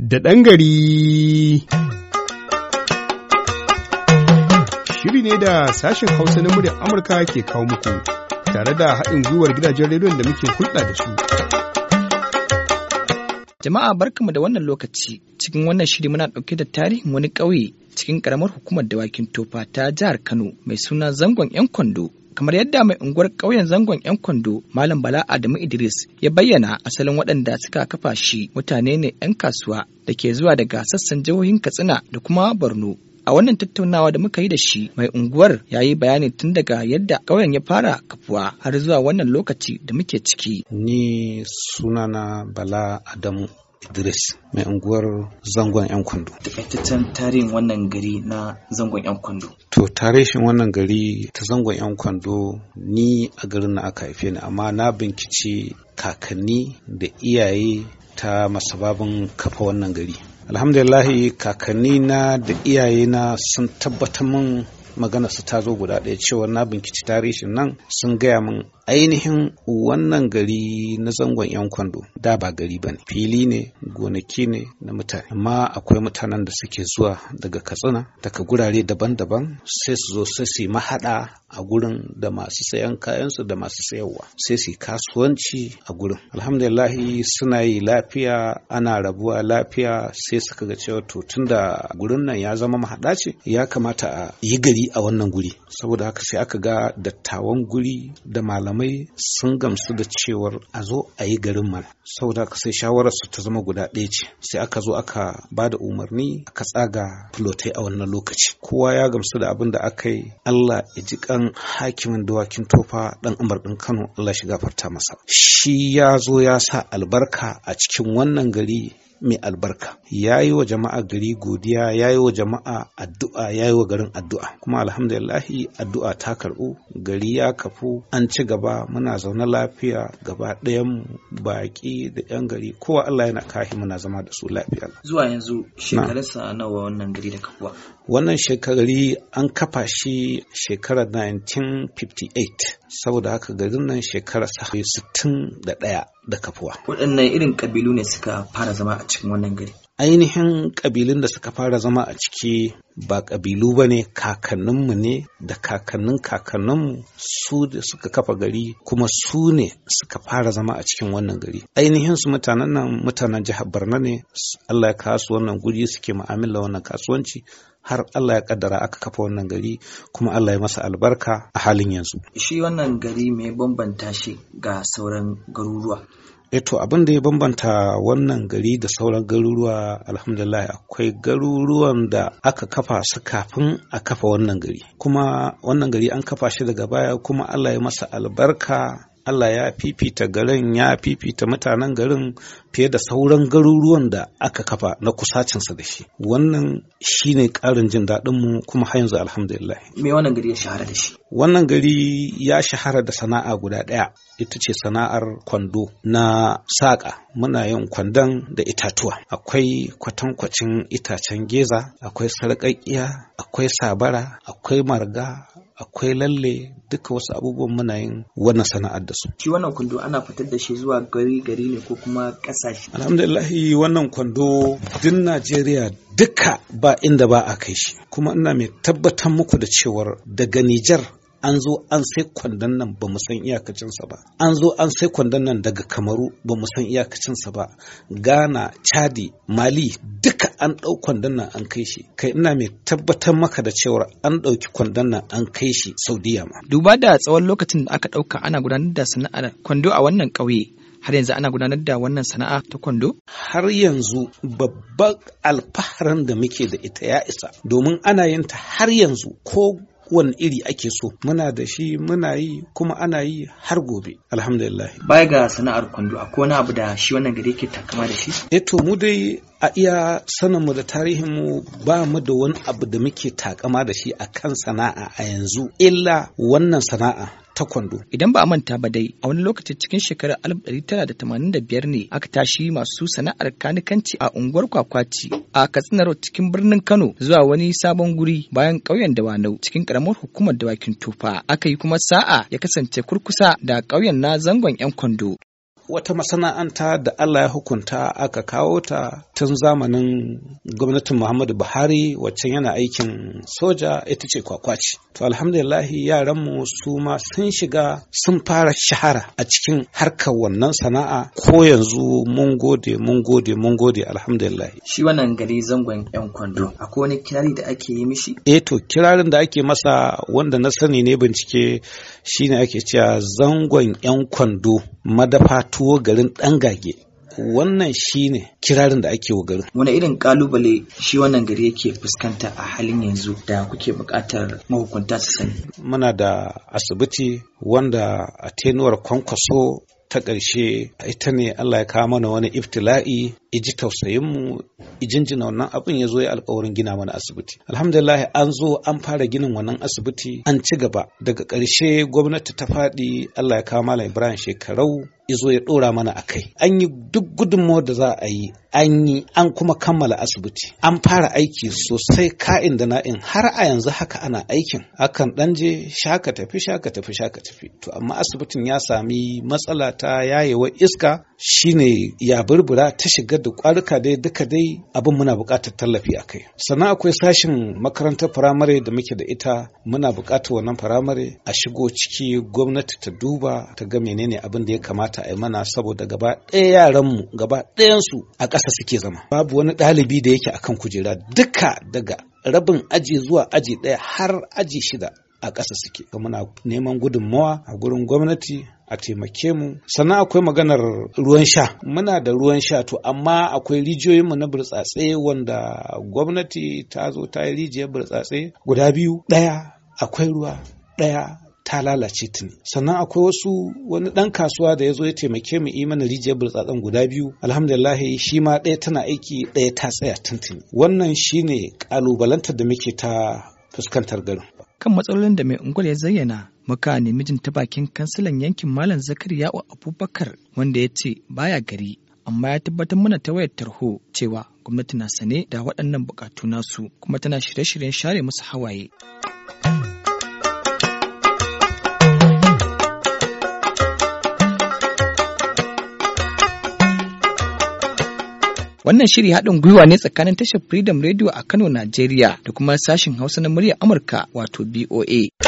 da ɗan gari. Shiri ne da sashen Hausa na muryar Amurka ke kawo muku tare da haɗin gwiwar gidajen rediyon da muke hulɗa da su. Jama'a barkamu da wannan lokaci cikin wannan shiri muna ɗauke da tarihin wani ƙauye cikin ƙaramar hukumar dawakin tofa ta jihar Kano mai suna zangon 'yan kwando kamar yadda mai unguwar ƙauyen zangon 'yan kwando malam bala adamu idris ya bayyana asalin waɗanda suka kafa shi mutane ne 'yan kasuwa da ke zuwa daga sassan jihohin katsina da kuma borno a wannan tattaunawa da muka yi da shi mai unguwar ya yi bayani tun daga yadda ƙauyen ya fara kafuwa har zuwa wannan lokaci da muke ciki ni sunana bala adamu Idris mai unguwar zangon 'yan kwando. Takaitaccen tarihin wannan gari na zangon 'yan kwando. To tarishin wannan gari ta zangon 'yan kwando ni a garin na aka haife ni amma na binkici kakanni da iyaye ta masababin kafa wannan gari. Alhamdulillahi kakanni na da iyaye na sun tabbatar min magana su ta zo guda ɗaya cewa na binkici tarihin nan sun gaya min ainihin wannan gari na zangon yan kwando da ba gari ba ne fili ne gonaki ne na mutane amma akwai mutanen da suke zuwa daga katsina daga gurare daban-daban sai su zo sai su mahaɗa a gurin da masu sayan kayansu da masu sayarwa sai su kasuwanci a gurin alhamdulillahi suna yi lafiya ana rabuwa lafiya sai suka ga cewa to tun da gurin nan ya zama mahaɗaci ce ya kamata a yi gari a wannan guri saboda haka sai aka ga dattawan guri da malaman malamai sun gamsu da cewar a zo a yi garin mana saboda haka sai shawarar su ta zama guda ɗaya ce sai aka zo aka ba da umarni aka tsaga filotai a wannan lokaci kowa ya gamsu da abin da aka yi Allah ya ji kan hakimin dawakin tofa ɗan umar ɗin Kano Allah shi gafarta masa shi ya zo ya sa albarka a cikin wannan gari mai albarka ya yi wa jama'a gari godiya ya yi wa jama'a addu'a ya yi wa garin addu'a kuma alhamdulillahi addu'a ta karɓu gari ya kafu an ci gaba muna zaune lafiya gaba ɗayan baƙi da ƴan gari kowa Allah yana kahi muna zama da su lafiya zuwa yanzu shekararsa nawa wannan gari da kafuwa wannan shekarari an kafa shi shekarar 1958 saboda haka garin nan shekarar sa 61 da kafuwa waɗannan irin ƙabilu ne suka fara zama a cikin wannan gari ainihin ƙabilun da suka fara zama a ciki ba ƙabilu ba ne kakanninmu ne da kakannin kakanninmu su da suka kafa gari kuma su ne suka fara zama a cikin wannan gari ainihin su mutanen nan mutanen jihar Barna ne Allah ya kasu wannan guri suke mu'amala wannan kasuwanci har Allah ya kaddara aka kafa wannan gari kuma Allah ya masa albarka a halin yanzu shi wannan gari mai bambanta shi ga sauran garuruwa Eto eh, abin da ya bambanta wannan gari da sauran garuruwa alhamdulillah akwai garuruwan da aka kafa su kafin a kafa wannan gari kuma wannan gari an kafa shi daga baya kuma Allah ya masa albarka Allah ya fifita garin ya fifita mutanen garin fiye da sauran garuruwan da aka kafa na kusacinsa da shi wannan shi ne karin jin daɗinmu kuma har yanzu alhamdulillah me wannan gari ya shahara da shi wannan gari ya shahara da sana'a guda ɗaya ita ce sana'ar kwando na saƙa muna yin kwandon da itatuwa akwai kwatankwacin itacen geza akwai sarƙaƙƙiya. akwai sabara akwai marga akwai lalle duka wasu abubuwan muna yin wannan sana'ar da su shi wannan kwando ana fitar da shi zuwa gari gari ne ko kuma kasashe alhamdulillah wannan kwando duk Najeriya duka ba inda ba a kai shi kuma ina mai tabbatar muku da cewar daga Nijar an zo an sai kwandon nan ba mu san iyakacinsa ba an zo an sai kwandon nan daga kamaru ba mu san iyakacinsa ba ghana chadi mali duka an ɗau kwandon nan an kai shi kai ina mai tabbatar maka da cewar an ɗauki kwandon nan an kai shi saudiya ma duba da tsawon lokacin da aka ɗauka ana gudanar da sana'ar kwando a wannan ƙauye har yanzu ana gudanar da wannan sana'a ta kwando? Har yanzu babban alfaharin da muke da ita ya isa domin ana yin ta har yanzu ko wani iri ake so muna da shi muna yi kuma ana yi har gobe alhamdulillah bai ga sana'ar kwando akwai wani abu da shi wannan gari yake takama da shi eh to mu dai a iya sanin mu da tarihin mu, ba mu da wani abu da muke takama da shi a kan sana'a a yanzu illa wannan sana'a ta idan ba a manta ba dai a wani lokaci cikin shekarar biyar ne aka tashi masu sana'ar kanikanci a unguwar kwakwaci a katsinar cikin birnin kano zuwa wani sabon guri bayan ƙauyen dawanau cikin ƙaramar hukumar dawakin tufa aka yi kuma sa'a ya kasance kurkusa da ƙauyen na zangon yan kwando wata masana'anta da Allah ya hukunta aka kawo ta tun zamanin gwamnatin Muhammadu Buhari wacce yana aikin soja ita ce kwakwaci. To alhamdulillahi yaranmu su ma sun shiga sun fara shahara a cikin harkar wannan sana'a ko yanzu mun gode mun gode mun gode alhamdulillahi. Shi wannan gari zangon yan kwando akwai wani kirari da ake yi mishi? Eh to kirarin da ake masa wanda na sani ne bincike shine ake cewa zangon yan kwando madafa tuwo garin ɗan gage wannan shine kirarin da ake wa garin wani irin kalubale shi wannan gari yake fuskanta a halin yanzu da kuke bukatar mahukunta su sani muna da asibiti wanda a tenuwar kwankwaso ta ƙarshe ita ne Allah ya kawo mana wani iftila'i iji tausayinmu ijinjina wannan abin ya zo ya alkawarin gina mana asibiti alhamdulillah an zo an fara ginin wannan asibiti an ci gaba daga ƙarshe gwamnati ta faɗi Allah ya kawo malam Ibrahim shekarau izo ya ɗora mana a kai an yi duk gudunmawar da za a yi an yi an kuma kammala asibiti an fara aiki sosai ka'in da na'in har a yanzu haka ana aikin akan ɗan je shaka tafi shaka tafi shaka tafi to amma asibitin ya sami matsala ta yayewa iska shine ya burbura ta shiga da kwaruka dai duka dai abin muna buƙatar tallafi a kai sannan akwai sashin makarantar firamare da muke da ita muna buƙatar wannan firamare a shigo ciki gwamnati ta duba ta ga menene abin da ya kamata kamata a yi mana saboda gaba ɗaya yaranmu gaba ɗayansu a ƙasa suke zama babu wani ɗalibi da yake akan kujera duka daga rabin aji zuwa aji ɗaya har aji shida a ƙasa suke muna neman gudunmawa a gurin gwamnati a taimake mu sannan akwai maganar ruwan sha muna da ruwan sha to amma akwai rijiyoyinmu na burtsatse wanda gwamnati ta zo ta yi rijiyar burtsatse guda biyu ɗaya akwai ruwa ɗaya ta lalace tuni sannan akwai wasu wani ɗan kasuwa da ya zo ya taimake mu mana rijiyar burtsatsen guda biyu alhamdulillah shi ma ɗaya tana aiki ɗaya ta tsaya tuntuni wannan shine ƙalubalantar da muke ta fuskantar garin kan matsalolin da mai ungul ya zayyana muka nemi jin ta bakin kansilan yankin malam zakariya abubakar wanda ya ce baya gari amma ya tabbatar mana ta wayar tarho cewa gwamnati na sane da waɗannan bukatu nasu kuma tana shirye-shiryen share musu hawaye. Wannan shiri haɗin gwiwa ne tsakanin tashar Freedom Radio a Kano, Najeriya da kuma sashin Hausa na muryar Amurka wato BOA.